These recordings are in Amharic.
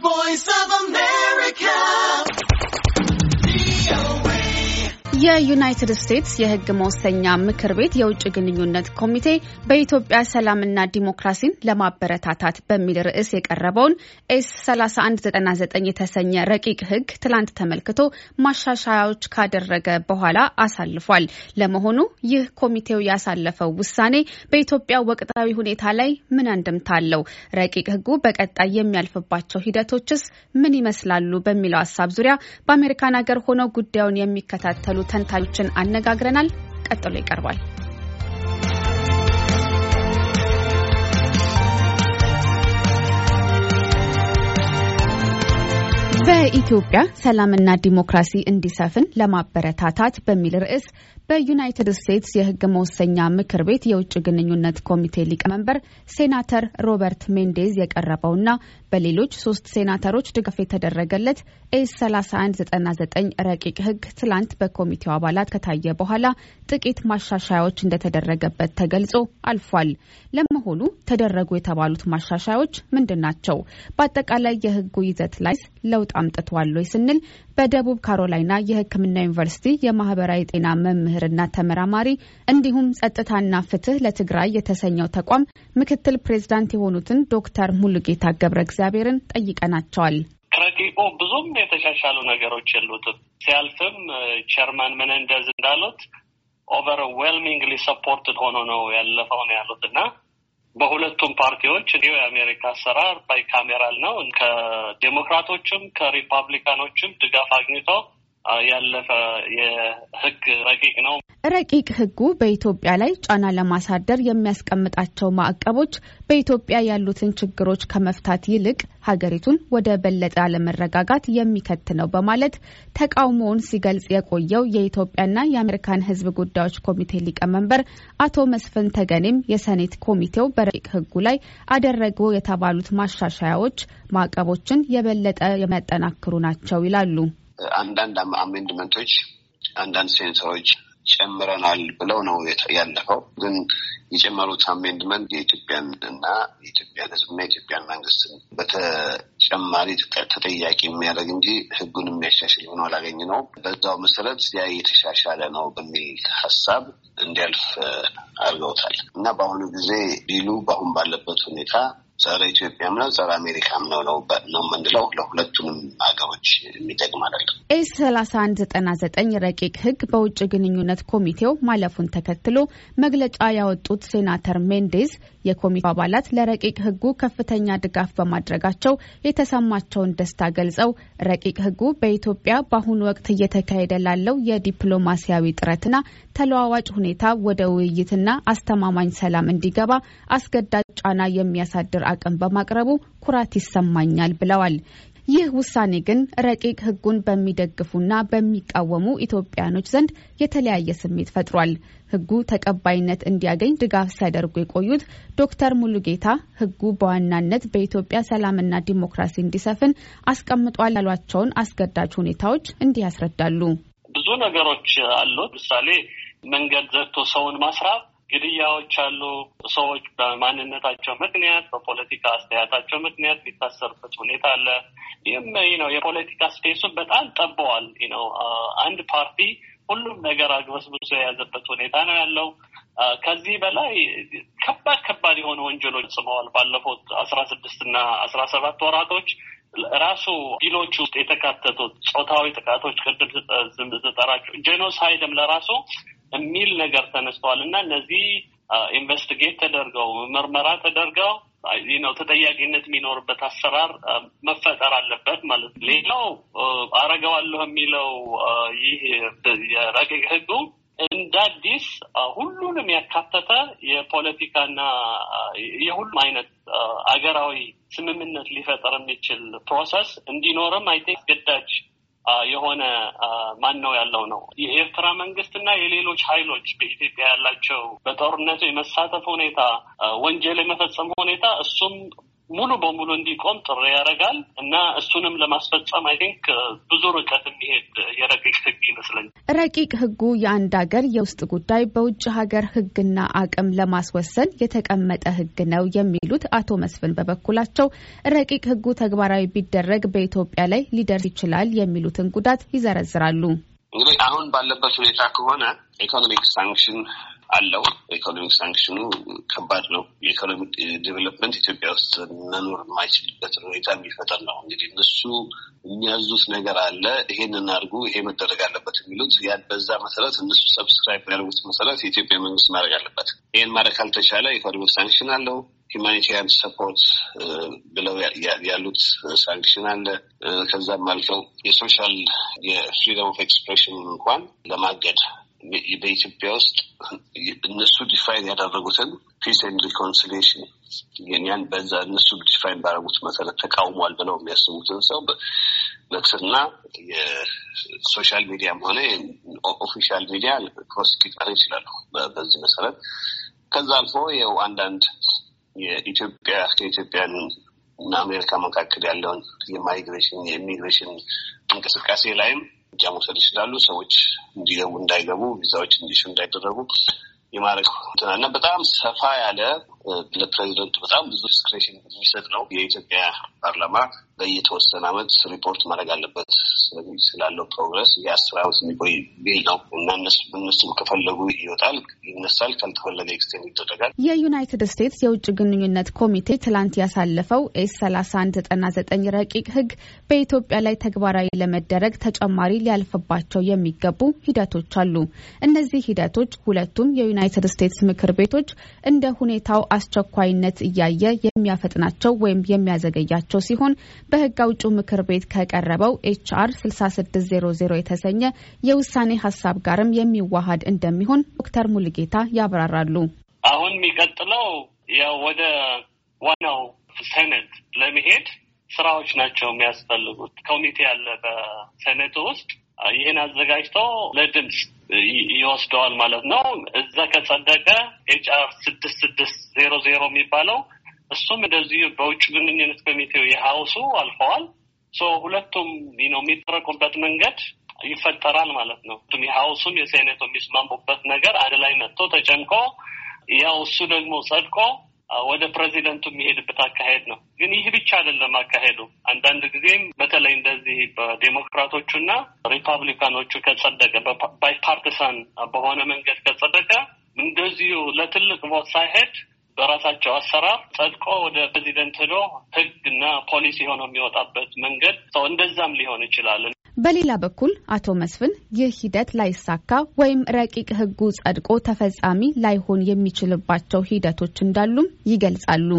Voice of a man. የዩናይትድ ስቴትስ የሕግ መወሰኛ ምክር ቤት የውጭ ግንኙነት ኮሚቴ በኢትዮጵያ ሰላምና ዲሞክራሲን ለማበረታታት በሚል ርዕስ የቀረበውን ኤስ 3199 የተሰኘ ረቂቅ ሕግ ትላንት ተመልክቶ ማሻሻያዎች ካደረገ በኋላ አሳልፏል። ለመሆኑ ይህ ኮሚቴው ያሳለፈው ውሳኔ በኢትዮጵያ ወቅታዊ ሁኔታ ላይ ምን አንድምታ አለው? ረቂቅ ሕጉ በቀጣይ የሚያልፍባቸው ሂደቶችስ ምን ይመስላሉ? በሚለው ሀሳብ ዙሪያ በአሜሪካን ሀገር ሆነው ጉዳዩን የሚከታተሉ ተወካዮችን አነጋግረናል። ቀጥሎ ይቀርባል። በኢትዮጵያ ሰላምና ዲሞክራሲ እንዲሰፍን ለማበረታታት በሚል ርዕስ በዩናይትድ ስቴትስ የሕግ መወሰኛ ምክር ቤት የውጭ ግንኙነት ኮሚቴ ሊቀመንበር ሴናተር ሮበርት ሜንዴዝ የቀረበውና በሌሎች ሶስት ሴናተሮች ድጋፍ የተደረገለት ኤስ 3199 ረቂቅ ህግ ትላንት በኮሚቴው አባላት ከታየ በኋላ ጥቂት ማሻሻያዎች እንደተደረገበት ተገልጾ አልፏል። ለመሆኑ ተደረጉ የተባሉት ማሻሻያዎች ምንድን ናቸው? በአጠቃላይ የህጉ ይዘት ላይስ ለውጥ አምጥተዋል ወይ ስንል በደቡብ ካሮላይና የሕክምና ዩኒቨርሲቲ የማህበራዊ ጤና መምህርና ተመራማሪ እንዲሁም ጸጥታና ፍትህ ለትግራይ የተሰኘው ተቋም ምክትል ፕሬዚዳንት የሆኑትን ዶክተር ሙሉጌታ ገብረ እግዚአብሔርን ጠይቀናቸዋል። ረቂቁ ብዙም የተሻሻሉ ነገሮች የሉትም። ሲያልፍም ቸርማን መነንደዝ እንዳሉት ኦቨርዌልሚንግሊ ሰፖርትድ ሆኖ ነው ያለፈው ነው ያሉት እና በሁለቱም ፓርቲዎች እንዲሁ የአሜሪካ አሰራር ባይካሜራል ነው። ከዴሞክራቶችም ከሪፐብሊካኖችም ድጋፍ አግኝተው ያለፈ የህግ ረቂቅ ነው። ረቂቅ ህጉ በኢትዮጵያ ላይ ጫና ለማሳደር የሚያስቀምጣቸው ማዕቀቦች በኢትዮጵያ ያሉትን ችግሮች ከመፍታት ይልቅ ሀገሪቱን ወደ በለጠ አለመረጋጋት የሚከት ነው በማለት ተቃውሞውን ሲገልጽ የቆየው የኢትዮጵያና የአሜሪካን ህዝብ ጉዳዮች ኮሚቴ ሊቀመንበር አቶ መስፍን ተገኔም የሰኔት ኮሚቴው በረቂቅ ህጉ ላይ አደረገው የተባሉት ማሻሻያዎች ማዕቀቦችን የበለጠ የሚያጠናክሩ ናቸው ይላሉ። አንዳንድ አሜንድመንቶች አንዳንድ ሴንሰሮች ጨምረናል ብለው ነው ያለፈው። ግን የጨመሩት አሜንድመንት የኢትዮጵያን እና የኢትዮጵያን ሕዝብና የኢትዮጵያን መንግስትን በተጨማሪ ተጠያቂ የሚያደርግ እንጂ ሕጉን የሚያሻሽል ሆኖ አላገኝ ነው። በዛው መሰረት ያ የተሻሻለ ነው በሚል ሀሳብ እንዲያልፍ አድርገውታል እና በአሁኑ ጊዜ ቢሉ በአሁን ባለበት ሁኔታ ጸረ ኢትዮጵያም ነው ጸረ አሜሪካም ነው ነው የምንለው። ለሁለቱንም ሀገሮች የሚጠቅም አይደለም። ኤስ ሰላሳ አንድ ዘጠና ዘጠኝ ረቂቅ ህግ በውጭ ግንኙነት ኮሚቴው ማለፉን ተከትሎ መግለጫ ያወጡት ሴናተር ሜንዴዝ የኮሚቴው አባላት ለረቂቅ ህጉ ከፍተኛ ድጋፍ በማድረጋቸው የተሰማቸውን ደስታ ገልጸው ረቂቅ ህጉ በኢትዮጵያ በአሁኑ ወቅት እየተካሄደ ላለው የዲፕሎማሲያዊ ጥረትና ተለዋዋጭ ሁኔታ ወደ ውይይትና አስተማማኝ ሰላም እንዲገባ አስገዳጅ ጫና የሚያሳድር አቅም በማቅረቡ ኩራት ይሰማኛል ብለዋል። ይህ ውሳኔ ግን ረቂቅ ሕጉን በሚደግፉና በሚቃወሙ ኢትዮጵያኖች ዘንድ የተለያየ ስሜት ፈጥሯል። ህጉ ተቀባይነት እንዲያገኝ ድጋፍ ሲያደርጉ የቆዩት ዶክተር ሙሉጌታ ሕጉ በዋናነት በኢትዮጵያ ሰላምና ዲሞክራሲ እንዲሰፍን አስቀምጧል ያሏቸውን አስገዳጅ ሁኔታዎች እንዲህ ያስረዳሉ። ብዙ ነገሮች አሉት። ምሳሌ መንገድ ዘግቶ ሰውን ማስራብ ግድያዎች አሉ። ሰዎች በማንነታቸው ምክንያት፣ በፖለቲካ አስተያየታቸው ምክንያት የሚታሰሩበት ሁኔታ አለ። ይህም ነው የፖለቲካ ስፔሱን በጣም ጠበዋል። ነው አንድ ፓርቲ ሁሉም ነገር አግበስብሶ የያዘበት ሁኔታ ነው ያለው። ከዚህ በላይ ከባድ ከባድ የሆነ ወንጀሎች ጽመዋል። ባለፉት አስራ ስድስት እና አስራ ሰባት ወራቶች ራሱ ዲሎች ውስጥ የተካተቱት ጾታዊ ጥቃቶች ቅድም ስጠራቸው ጄኖሳይድም ለራሱ የሚል ነገር ተነስተዋል እና እነዚህ ኢንቨስቲጌት ተደርገው ምርመራ ተደርገው ነው ተጠያቂነት የሚኖርበት አሰራር መፈጠር አለበት ማለት ነው። ሌላው አረገዋለሁ የሚለው ይህ የረቂቅ ህጉ እንደ አዲስ ሁሉንም ያካተተ የፖለቲካና የሁሉም አይነት አገራዊ ስምምነት ሊፈጠር የሚችል ፕሮሰስ እንዲኖርም አይቴ ቲንክ ግዳጅ የሆነ ማን ነው ያለው ነው የኤርትራ እና የሌሎች ኃይሎች በኢትዮጵያ ያላቸው በጦርነቱ የመሳተፍ ሁኔታ፣ ወንጀል የመፈጸም ሁኔታ እሱም ሙሉ በሙሉ እንዲቆም ጥሪ ያደርጋል እና እሱንም ለማስፈጸም አይ ቲንክ uh, ብዙ ርቀት የሚሄድ የረቂቅ ህግ ይመስለኛል። ረቂቅ ህጉ የአንድ ሀገር የውስጥ ጉዳይ በውጭ ሀገር ህግና አቅም ለማስወሰን የተቀመጠ ህግ ነው የሚሉት አቶ መስፍን በበኩላቸው ረቂቅ ህጉ ተግባራዊ ቢደረግ በኢትዮጵያ ላይ ሊደርስ ይችላል የሚሉትን ጉዳት ይዘረዝራሉ። እንግዲህ አሁን ባለበት ሁኔታ ከሆነ ኢኮኖሚክ ሳንክሽን አለው። ኢኮኖሚክ ሳንክሽኑ ከባድ ነው። የኢኮኖሚክ ዴቨሎፕመንት ኢትዮጵያ ውስጥ መኖር የማይችልበትን ሁኔታ የሚፈጠር ነው። እንግዲህ እነሱ የሚያዙት ነገር አለ። ይሄንን አድርጉ፣ ይሄ መደረግ አለበት የሚሉት በዛ መሰረት እነሱ ሰብስክራይብ ያደርጉት መሰረት የኢትዮጵያ መንግስት ማድረግ አለበት። ይሄን ማድረግ ካልተቻለ ኢኮኖሚክ ሳንክሽን አለው። ሁማኒታሪያን ሰፖርት ብለው ያሉት ሳንክሽን አለ። ከዛም አልፈው የሶሻል የፍሪደም ኦፍ ኤክስፕሬሽን እንኳን ለማገድ በኢትዮጵያ ውስጥ እነሱ ዲፋይን ያደረጉትን ፒስ ኤንድ ሪኮንሲሌሽን ያን በዛ እነሱ ዲፋይን ባደረጉት መሰረት ተቃውሟል ብለው የሚያስቡትን ሰው በክስና የሶሻል ሚዲያም ሆነ ኦፊሻል ሚዲያ ፕሮስኪት ማድረግ ይችላሉ። በዚህ መሰረት ከዛ አልፎ ይኸው አንዳንድ የኢትዮጵያ ከኢትዮጵያን እና አሜሪካ መካከል ያለውን የማይግሬሽን የኢሚግሬሽን እንቅስቃሴ ላይም እርምጃ መውሰድ ይችላሉ። ሰዎች እንዲገቡ እንዳይገቡ፣ ቪዛዎች እንዲሹ እንዳይደረጉ የማድረግ እና በጣም ሰፋ ያለ ለፕሬዚደንቱ በጣም ብዙ ዲስክሬሽን የሚሰጥ ነው። የኢትዮጵያ ፓርላማ በየተወሰነ አመት ሪፖርት ማድረግ አለበት ስላለው ፕሮግረስ የአስር አመት የሚቆይ ቢል ነው እና እነሱም ከፈለጉ ይወጣል፣ ይነሳል፣ ካልተፈለገ ኤክስቴንድ ይደረጋል። የዩናይትድ ስቴትስ የውጭ ግንኙነት ኮሚቴ ትላንት ያሳለፈው ኤስ ሰላሳ አንድ ዘጠና ዘጠኝ ረቂቅ ህግ በኢትዮጵያ ላይ ተግባራዊ ለመደረግ ተጨማሪ ሊያልፍባቸው የሚገቡ ሂደቶች አሉ። እነዚህ ሂደቶች ሁለቱም የዩናይትድ ስቴትስ ምክር ቤቶች እንደ ሁኔታው አስቸኳይነት እያየ የሚያፈጥናቸው ወይም የሚያዘገያቸው ሲሆን በህግ አውጪው ምክር ቤት ከቀረበው ኤችአር 6600 የተሰኘ የውሳኔ ሀሳብ ጋርም የሚዋሃድ እንደሚሆን ዶክተር ሙልጌታ ያብራራሉ። አሁን የሚቀጥለው ያው ወደ ዋናው ሴኔት ለመሄድ ስራዎች ናቸው የሚያስፈልጉት። ኮሚቴ ያለ በሴኔቱ ውስጥ ይህን አዘጋጅቶ ለድምፅ ይወስደዋል ማለት ነው። እዛ ከጸደቀ ኤች አር ስድስት ስድስት ዜሮ ዜሮ የሚባለው እሱም እንደዚህ በውጭ ግንኙነት ኮሚቴው የሀውሱ አልፈዋል። ሶ ሁለቱም ነው የሚጠረቁበት መንገድ ይፈጠራል ማለት ነው። ቱም የሀውሱም የሴኔቱ የሚስማሙበት ነገር አንድ ላይ መጥቶ ተጨምቆ ያው እሱ ደግሞ ጸድቆ ወደ ፕሬዚደንቱ የሚሄድበት አካሄድ ነው። ግን ይህ ብቻ አይደለም አካሄዱ። አንዳንድ ጊዜም በተለይ እንደዚህ በዴሞክራቶቹ እና ሪፐብሊካኖቹ ከጸደቀ ባይፓርቲሳን በሆነ መንገድ ከጸደቀ እንደዚሁ ለትልቅ ቦት ሳይሄድ በራሳቸው አሰራር ጸድቆ ወደ ፕሬዚደንት ሄዶ ህግ እና ፖሊሲ ሆኖ የሚወጣበት መንገድ ሰው እንደዛም ሊሆን ይችላል። በሌላ በኩል አቶ መስፍን ይህ ሂደት ላይሳካ ወይም ረቂቅ ሕጉ ጸድቆ ተፈጻሚ ላይሆን የሚችልባቸው ሂደቶች እንዳሉም ይገልጻሉ።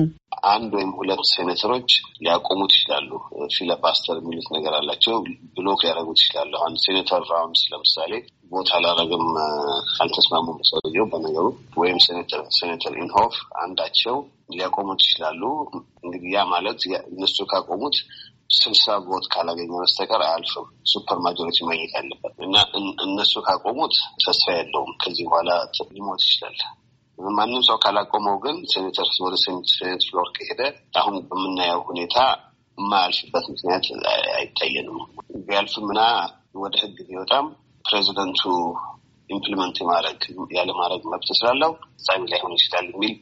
አንድ ወይም ሁለት ሴኔተሮች ሊያቆሙት ይችላሉ። ፊለባስተር የሚሉት ነገር አላቸው። ብሎክ ያደረጉት ይችላሉ። አንድ ሴኔተር ራውንድስ ለምሳሌ ቦታ አላረግም አልተስማሙም ሰውየው በነገሩ ወይም ሴኔተር ኢንሆፍ አንዳቸው ሊያቆሙት ይችላሉ። እንግዲህ ያ ማለት እነሱ ካቆሙት ስልሳ ቦት ካላገኘ በስተቀር አያልፍም። ሱፐር ማጆሪቲ ማግኘት ያለበት እና እነሱ ካቆሙት ተስፋ የለውም። ከዚህ በኋላ ሊሞት ይችላል። ማንም ሰው ካላቆመው ግን ሴኔተር ወደ ሴኔት ፍሎር ከሄደ አሁን በምናየው ሁኔታ የማያልፍበት ምክንያት አይታየንም። ቢያልፍምና ወደ ህግ ቢወጣም ፕሬዚደንቱ ኢምፕሊመንት ማድረግ ማድረግ መብት ስላለው ፍጻሜ ላይሆን ይችላል የሚል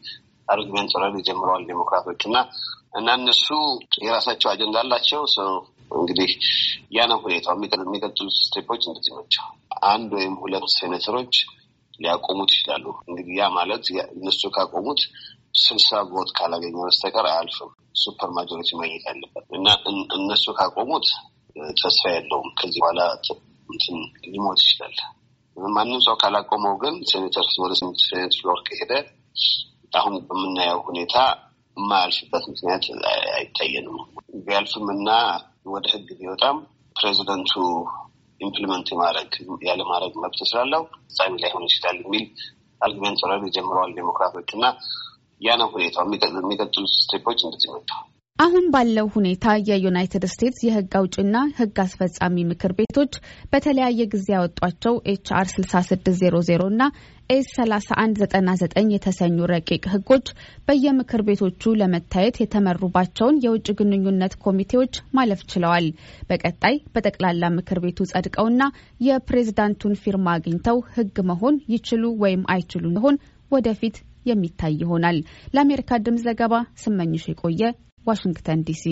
አርጊመንት ረ ጀምረዋል ዴሞክራቶች እና እና እነሱ የራሳቸው አጀንዳ አላቸው። እንግዲህ ያ ነው ሁኔታው የሚቀጥሉት ስቴፖች እንደዚህ ናቸው። አንድ ወይም ሁለት ሴኔተሮች ሊያቆሙት ይችላሉ። እንግዲህ ያ ማለት እነሱ ካቆሙት ስልሳ ቦት ካላገኘ በስተቀር አያልፍም። ሱፐር ማጆሪቲ ማግኘት ያለበት እና እነሱ ካቆሙት ተስፋ የለውም። ከዚህ በኋላ እንትን ሊሞት ይችላል። ማንም ሰው ካላቆመው ግን ሴኔተር ወደ ሴኔት ፍሎር ከሄደ አሁን በምናየው ሁኔታ የማያልፍበት ምክንያት አይታየንም። ቢያልፍም እና ወደ ህግ ቢወጣም ፕሬዚደንቱ ኢምፕሊመንት ማድረግ ያለማድረግ መብት ስላለው ፍጻሜ ላይሆን ይችላል የሚል አርጊመንት ረ ጀምረዋል ዴሞክራቶች እና ያ ነው ሁኔታው። የሚቀጥሉት ስቴፖች እንደዚህ መጥተዋል። አሁን ባለው ሁኔታ የዩናይትድ ስቴትስ የህግ አውጭና ህግ አስፈጻሚ ምክር ቤቶች በተለያየ ጊዜ ያወጧቸው ኤችአር 6600 እና ኤስ 3199 የተሰኙ ረቂቅ ህጎች በየምክር ቤቶቹ ለመታየት የተመሩባቸውን የውጭ ግንኙነት ኮሚቴዎች ማለፍ ችለዋል። በቀጣይ በጠቅላላ ምክር ቤቱ ጸድቀውና የፕሬዝዳንቱን ፊርማ አግኝተው ህግ መሆን ይችሉ ወይም አይችሉ ይሆን ወደፊት የሚታይ ይሆናል። ለአሜሪካ ድምፅ ዘገባ ስመኝሽ የቆየ ዋሽንግተን ዲሲ